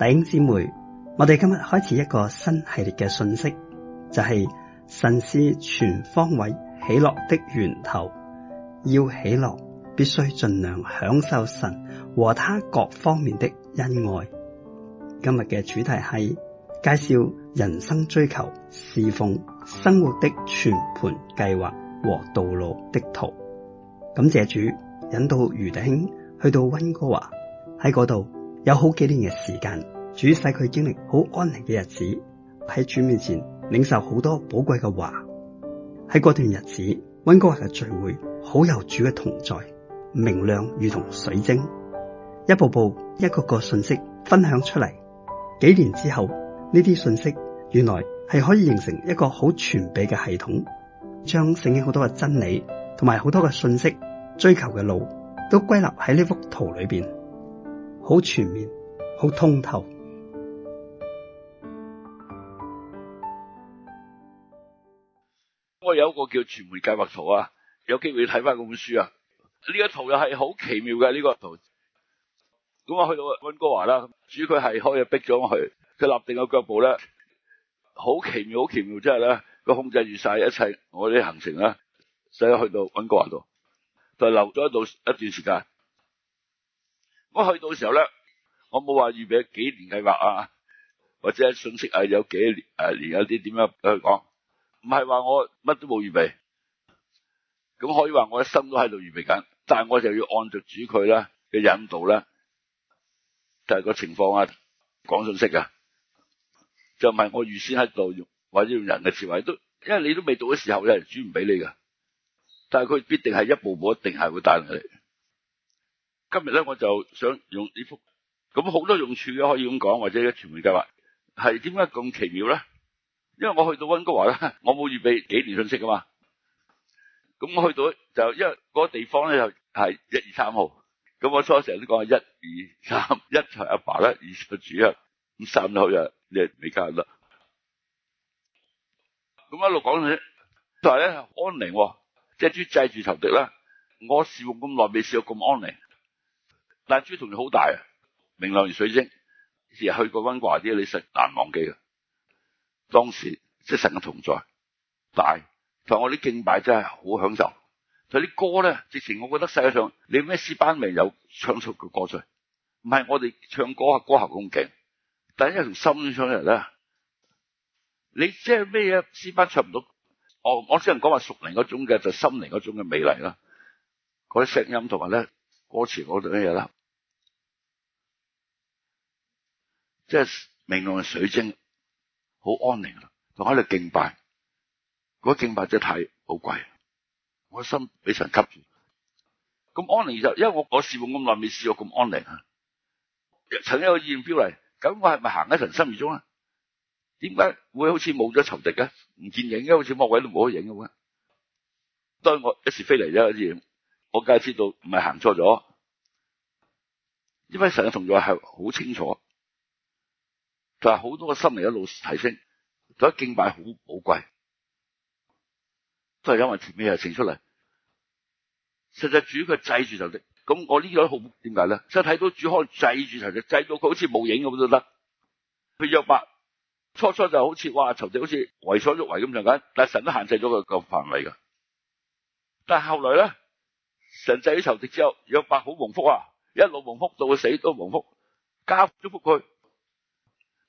弟兄姊妹，我哋今日開始一個新系列嘅信息，就係、是、神是全方位喜樂的源頭。要喜樂，必須盡量享受神和他各方面的恩愛。今日嘅主題係介紹人生追求、事奉生活的全盤計劃和道路的圖。感謝主引導余弟兄去到溫哥華，喺嗰度有好幾年嘅時間。主使佢經歷好安寧嘅日子，喺主面前領受好多寶貴嘅話。喺嗰段日子，溫哥華嘅聚會好有主嘅同在，明亮如同水晶。一步步、一個個信息分享出嚟。幾年之後，呢啲信息原來係可以形成一個好全備嘅系統，將聖經好多嘅真理同埋好多嘅信息追求嘅路都歸納喺呢幅圖裏邊，好全面、好通透。叫全盤計劃圖啊，有機會睇翻嗰本書啊。呢一幅又係好奇妙嘅呢個圖。咁我去到温哥華啦，主要佢係開入逼咗我去，佢立定嘅腳步咧，好奇妙，好奇妙之，即係咧，佢控制住曬一切我哋行程啦，所以去到温哥華度就留咗一度一段時間。我去到時候咧，我冇話預備幾年計劃啊，或者信息係有幾年啊，而家啲點樣去講？唔係話我乜都冇預備，咁可以話我一心都喺度預備緊，但係我就要按着主佢咧嘅引導咧，就係個情況啊，講信息啊，就唔係我預先喺度用或者用人嘅智慧都，因為你都未到嘅時候咧，主唔俾你噶，但係佢必定係一步步，一定係會帶嚟。今日咧，我就想用呢幅，咁好多用處嘅，可以咁講，或者全盤計劃，係點解咁奇妙咧？因為我去到温哥華咧，我冇預備幾年信息噶嘛，咁我去到就因為嗰個地方咧，就係一二三號，咁我初成日都講話一二三，一係阿爸咧，二係主任，咁三號又你係美嘉啦。咁一路講就話咧，安寧喎，即係豬制住仇敵啦。我試過咁耐，未試過咁安寧。但係豬同你好大，明亮如水晶。時日去過温哥華啲，你實難忘記嘅。當時即係神嘅同在，但係同埋我啲敬拜真係好享受。同埋啲歌咧，直情我覺得世界上你咩詩班未有唱出嘅歌出嚟，唔係我哋唱歌啊歌喉咁勁，但係因為從心唱出嚟咧，你即係咩詩班唱唔到，我我只能講話熟齡嗰種嘅，就心靈嗰種嘅美麗啦。嗰啲聲音同埋咧歌詞嗰度咩嘢啦，即係明亮嘅水晶。好安寧啦，仲喺度敬拜，嗰敬拜只睇好貴，我心俾神吸住，咁安寧就因為我試過咁耐未試過咁安寧啊！曾經有一個異象飄嚟，咁我係咪行喺神心意中啊？點解會好似冇咗仇敵嘅，唔見影嘅，好似魔鬼都冇咗影嘅咩？當我一時飛嚟啫，我梗係知道唔係行錯咗，因為神嘅同在係好清楚。就係好多個心靈一路提升，就喺敬拜好寶貴，都係因為前面又呈出嚟。實際主佢制住仇敵，咁我呢個好點解咧？即係睇到主可能制住仇敵，制到佢好似冇影咁都得。佢約伯初初就好似話仇敵好似為所欲為咁就緊，但係神都限制咗佢個範圍噶。但係後來咧，神制咗仇敵之後，約伯好蒙福啊，一路蒙福到佢死都蒙福，加咗福佢。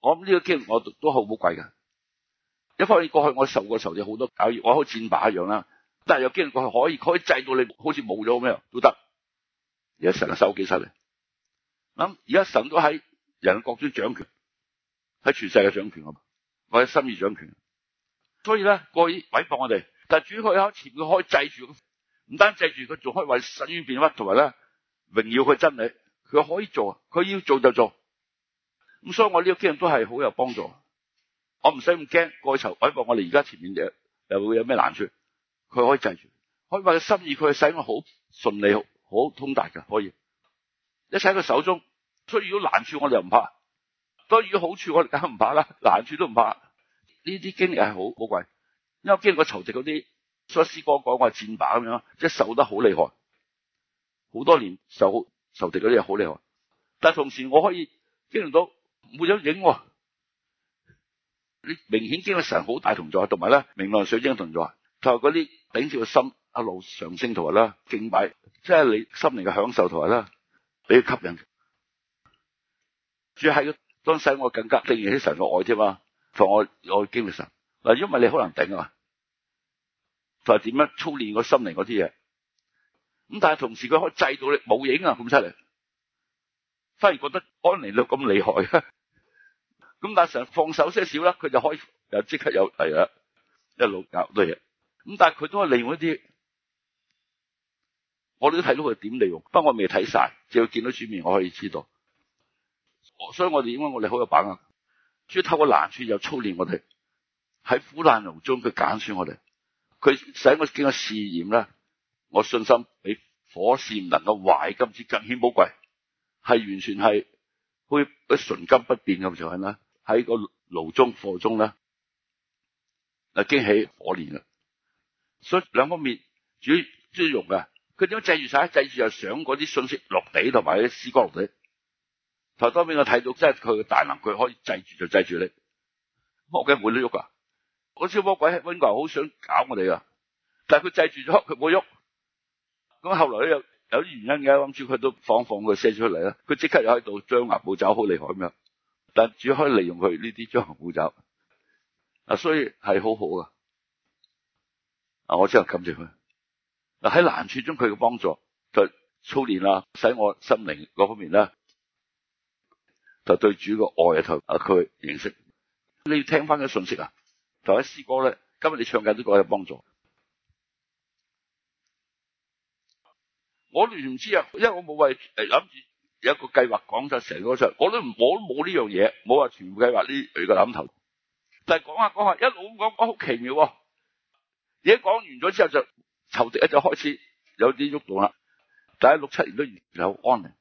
我諗呢個經驗我都好寶貴㗎。一方面過去我受過受有好多搞嘢，我好似箭靶一樣啦。但係有經驗過去可以，可以制到你好似冇咗咁樣都得。而家神收機失嚟，而家神都喺人嘅國中掌權，喺全世界掌權啊，或者心意掌權。所以咧，過去毀謗我哋，但係主佢喺前面可以制住，唔單制住佢，仲可以為神而變屈，同埋咧榮耀佢真理，佢可以做，佢要做就做。咁所以我呢個經驗都係好有幫助，我唔使咁驚過去籌，或者我哋而家前面又又會有咩難處，佢可以制住，可以話佢心意，佢使我好順利好通達嘅，可以一切喺佢手中，所以如果難處我哋又唔怕，所以如果好處我哋梗唔怕啦，難處都唔怕，呢啲經驗係好寶貴，因為我經歷過仇敵嗰啲，所斯哥講話戰把咁樣，即係受得好厲害，好多年受仇敵嗰啲嘢好厲害，但係同時我可以經歷到。冇咗影、啊，你明顯經歷神好大同在，同埋咧明亮水晶同在，同埋嗰啲頂住個心一路上升同埋啦，敬拜，即係你心靈嘅享受同埋啦，俾佢吸引。主要係當使我更加定義起神嘅愛添啊，同我我，我經歷神嗱，因為你好難頂啊，同埋點樣操練個心靈嗰啲嘢，咁但係同時佢可以制到你冇影啊，咁出嚟，反而覺得安尼都咁厲害。咁但係成日放手些少啦，佢就開又即刻有嚟啦，啊，一路搞好多嘢。咁但係佢都係利用一啲，我哋都睇到佢點利用。不過我未睇晒，只要見到書面，我可以知道。所以我哋應該，我哋好有把握，只要透過難處有操練我哋，喺苦難爐中佢揀選我哋，佢使我經過試驗咧，我信心比火試能夠壞，甚至更顯寶貴，係完全係好似不純金不變咁樣啦。喺個爐中，中呢火中咧，嗱驚喜火煉啊！所以兩方面主要豬肉啊，佢點樣制住晒？制住又想嗰啲信息落地，同埋啲詩歌落地。睇多邊我睇到，即係佢個大能，佢可以制住就制住你。魔鬼動的我驚滿都喐啊！嗰小魔鬼溫哥好想搞我哋啊！但係佢制住咗，佢冇喐。咁後來咧有有啲原因嘅，諗住佢都放放佢泄出嚟啦。佢即刻又喺度張牙舞爪，好厲害咁樣。但主可以利用佢呢啲將行古走，啊，所以係好好噶。啊，我真係感謝佢。嗱喺難處中佢嘅幫助，就操練啦，使我心靈嗰方面咧，就對主個愛啊、同啊佢認識，你要聽翻啲信息啊，同埋詩歌咧，今日你唱緊都有幫助。我哋唔知啊，因為我冇為誒諗住。有一個計劃講咗成個出來，我都我都冇呢樣嘢，冇話全部計劃呢個諗頭。但係講下講下，一路咁講，我好奇妙，哦。而家講完咗之後就仇敵一就開始有啲喐動啦，但係六七年都仍有安寧。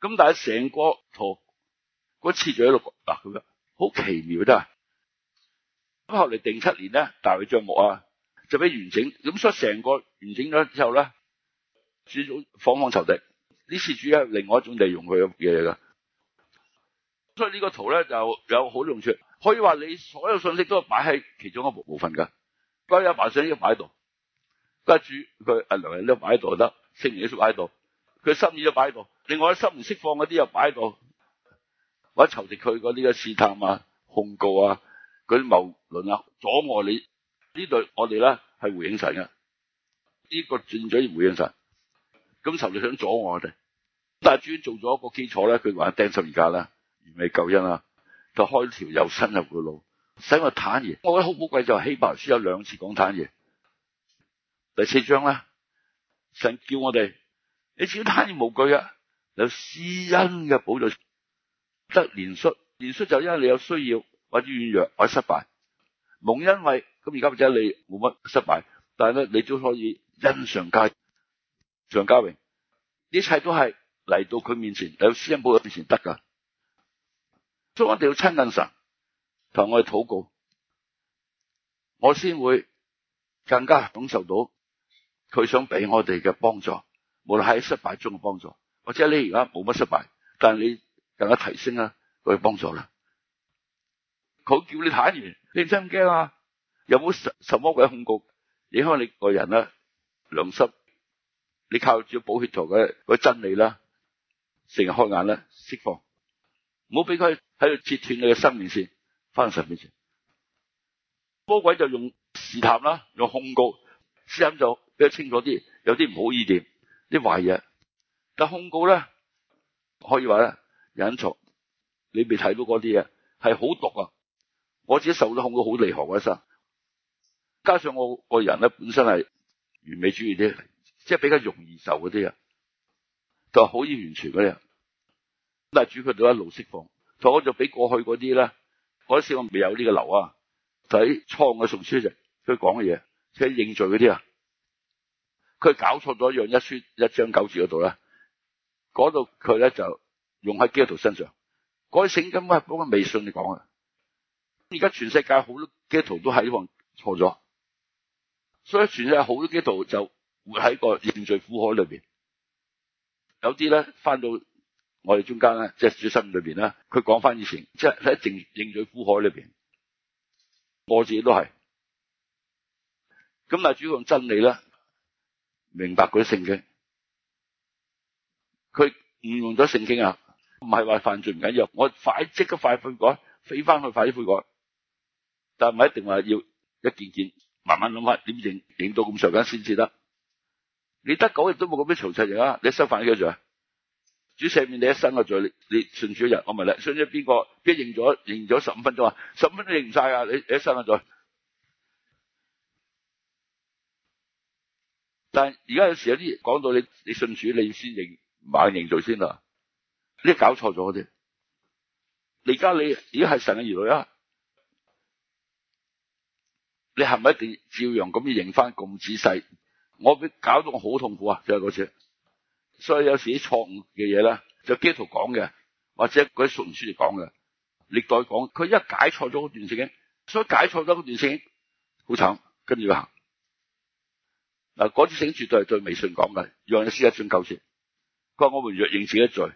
咁但係成個圖嗰次序喺度嗱，咁樣好奇妙真係。咁後嚟定七年呢，大嘅賬目啊，就俾完整。咁所以成個完整咗之後咧，始早放放仇敵。呢次主要係，另外一種利用佢嘅嘢噶，所以呢個圖咧就有好用處。可以話你所有信息都係擺喺其中一個部分㗎。嗰埋排信息擺喺度，得住佢阿梁人都擺喺度得，星年都擺喺度，佢心意都擺喺度，另外心唔釋放嗰啲又擺喺度，或者仇敵佢嗰啲嘅試探啊、控告啊、嗰啲謀論啊、阻礙你這們呢對我哋咧係回應神嘅，呢、轉咗要回應神。咁神就想阻我哋，但係主做咗一個基礎咧，佢話釘十字架啦，完美救恩啦，就開條又新又活嘅路，使我坦然。我覺得好寶貴就係、是、希伯來書有兩次講坦然。第四章咧，神叫我哋，你只要坦然無懼啊，有施恩嘅保障，得憐恤。憐恤就因為你有需要或者軟弱或者失敗，蒙恩惠。咁而家或者你冇乜失敗，但係咧你都可以恩上加恩。常家榮，一切都係嚟到佢面前，嚟到施恩寶座嘅面前得噶。所以我哋要親近神，同我哋禱告，我先會更加感受到佢想俾我哋嘅幫助。無論喺失敗中嘅幫助，或者你而家冇乜失敗，但係你更加提升啊，佢幫助啦。佢叫你坦然，你唔使驚啊？有冇什什麼鬼恐懼影響你個人啊良心？你靠住寶血圖嘅嘅真理啦，成日開眼啦，釋放，唔好俾佢喺度切斷你嘅生命線。翻神面前，魔鬼就用試探啦，用控告。試探就比較清楚啲，有啲唔好嘅意念，啲壞嘢。但控告咧，可以話咧隱藏，你未睇到嗰啲嘢係好毒啊！我自己受咗控告好厲害嗰一生，加上我個人咧本身係完美主義啲。即係比較容易受嗰啲啊，就好易完全嗰啲，但係主佢都一路釋放，所以我就畀過去嗰啲咧，嗰時我未有呢個樓啊，就喺創嘅宋書籍。佢講嘅嘢，即係認罪嗰啲啊，佢搞錯咗一樣，一書一章九節嗰度咧，嗰度佢咧就用喺基督徒身上，嗰啲聖經啊，嗰個未信嚟講啊，而家全世界好多基督徒都喺呢度錯咗，所以全世界好多基督徒就。會喺個認罪苦海裏邊，有啲咧翻到我哋中間咧，即係主心裏邊咧，佢講翻以前，即係喺正認罪苦海裏邊，我自己都係。咁但係主要用真理咧，明白嗰啲聖經，佢誤用咗聖經啊，唔係話犯罪唔緊要，我快即刻快悔改，飛翻去快啲悔改，但係唔係一定話要一件件慢慢諗翻，點認認到咁上緊先至得。你得九日都冇咁多嘈雜嘢啊！你一生犯咗幾多罪？主赦免你一生嘅罪，你信你，信你，你，一罪你，你信主嘅人，我問你信咗邊個？邊認咗認咗十五分鐘啊？十五分鐘認唔晒啊？你你一生嘅罪。但係而家有時有啲講到你你信主，你先認猛認罪先啦。你搞錯咗啲。你而家你而家係神嘅兒女啊？你係咪一定照樣咁樣認翻咁仔細？我被搞到好痛苦啊！就係、是、嗰次，所以有時啲錯誤嘅嘢咧，就基督徒講嘅，或者嗰啲熟唔書嚟講嘅，歷代講佢一解錯咗嗰段聖經，所以解錯咗嗰段聖經，好慘，跟住要行嗱嗰段聖經絕對係對微信講嘅，約翰一書一章九節，講我們若認自己罪，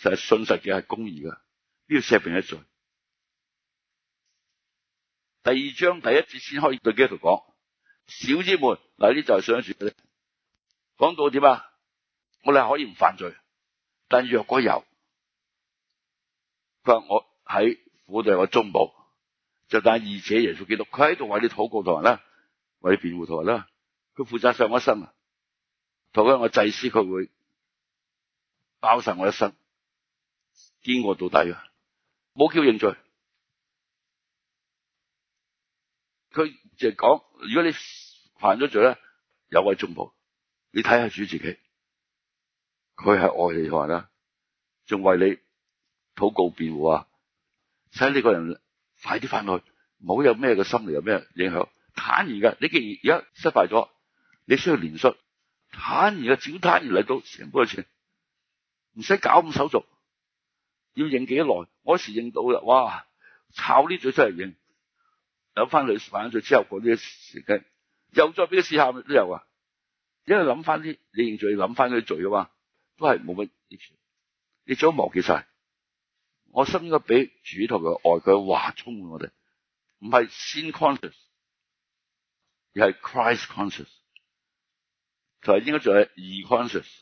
實係信實嘅係公義㗎。呢個寫便一罪。第二章第一節先可以對基督徒講。小子們嗱，呢就係上次講講到點啊？我哋可以唔犯罪，但若果有，佢話我喺父度我中保，就但義者耶穌基督，佢喺度為你禱告堂啦，為你辯護堂啦，佢負責上我一生。同佢係我祭司，佢會包實我一生，堅我到底啊！冇叫認罪，佢就講。如果你犯咗罪咧，有位中保，你睇下主自己，佢係外地人啦，仲為你禱告辯護啊，使呢個人快啲翻去，冇有咩嘅心理有咩影響。坦然嘅，你既然而家失敗咗，你需要連順，坦然嘅，只要坦然嚟到，成嘅錢唔使搞咁手續，要認幾耐？我一時認到啦，哇，炒呢嘴出嚟認。諗翻佢犯咗罪之後嗰啲時間，又再俾佢試下咪都有啊！因為諗翻啲，你現在要諗翻佢啲罪啊嘛，都係冇乜益處。你最好忘記曬。我心應該俾主同佢愛佢，話充滿我哋，唔係 sin conscious，而係 Christ conscious，就係應該做係二 conscious。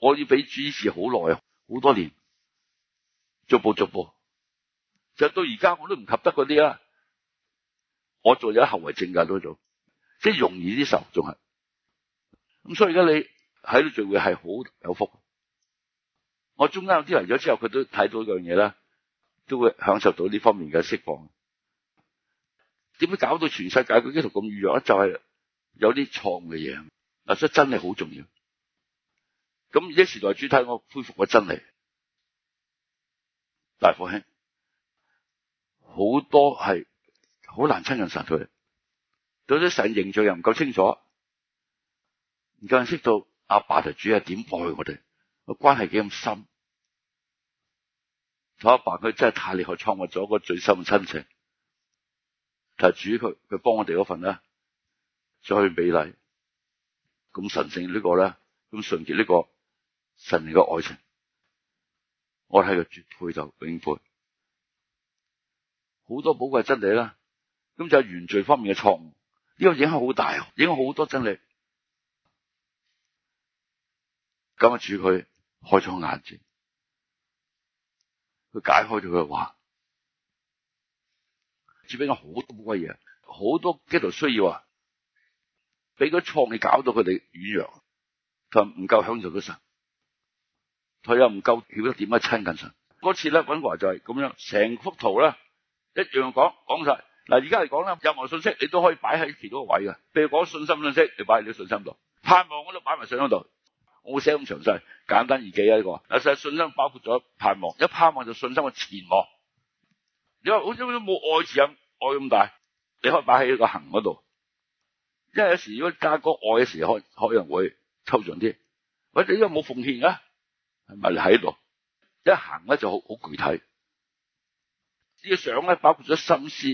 我要俾主事好耐，好多年，逐步逐步。就到而家我都唔及得嗰啲啊，我做咗後遺症噶都做，即係容易啲受，仲係咁。所以而家你喺度聚會係好有福，我中間有啲嚟咗之後，佢都睇到樣嘢啦，都會享受到呢方面嘅釋放。點解搞到全世界佢基督咁預弱啊？就係、是、有啲錯嘅嘢，嗱，所以真係好重要。咁而家時代主體我恢復咗真理，大火兄。好多係好難親近神佢，到啲神形象又唔夠清楚，唔夠認識到阿爸就主係點愛我哋，個關係幾咁深，同阿爸佢真係太厲害，創造咗個最深嘅親情。就係主佢佢幫我哋嗰份咧，再美麗咁神聖呢、這個咧，咁純潔呢個神嘅愛情，我睇佢絕配就永配。好多寶貴真理啦，咁就係、是、原罪方面嘅錯誤，呢個影響好大，影響好多真理。今日主佢開咗眼睛，佢解開咗佢嘅話，主俾我好多寶貴嘢，好多基督需要啊，俾個錯誤嘅搞到佢哋軟弱，佢唔夠享受佢神，佢又唔夠曉得點去親近神。嗰次咧搵華就係咁樣，成幅圖咧。一樣講講晒。嗱，而家嚟講咧，任何信息你都可以擺喺前嗰個位嘅。譬如講信心信息，你擺喺你嘅信心度；盼望我都擺埋信心度。我會寫咁詳細，簡單易記啦。呢、這個實在信心包括咗盼望，一盼望就信心嘅前望。你話好似好似冇愛字咁，愛咁大，你可以擺喺個行嗰度。因為有時如果加個愛嘅時候，開可能會抽象啲。喂，你有冇奉獻啊？係咪你喺度一行咧就好好具體。呢啲相咧，包括咗心思、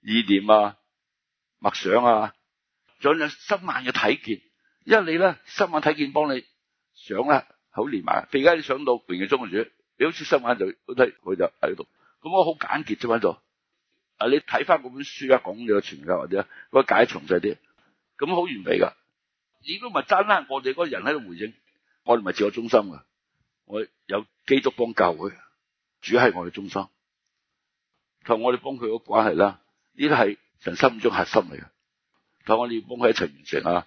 意念啊、默想啊，仲有心眼嘅體見。因為你咧心眼體見幫你想啦，好連埋。突然間你想到榮耀中嘅主，你好似心眼就佢睇佢就喺度。咁我好簡潔啫喺度。啊，你睇翻嗰本書啊，講你個全教或者我解詳細啲，咁好完美噶。如果唔係爭翻我哋嗰個人喺度回應，我哋唔係自我中心噶。我有基督幫教會，主係我哋中心。同我哋幫佢個關係啦，呢個係人生中核心嚟嘅。同我哋幫佢一齊完成啊！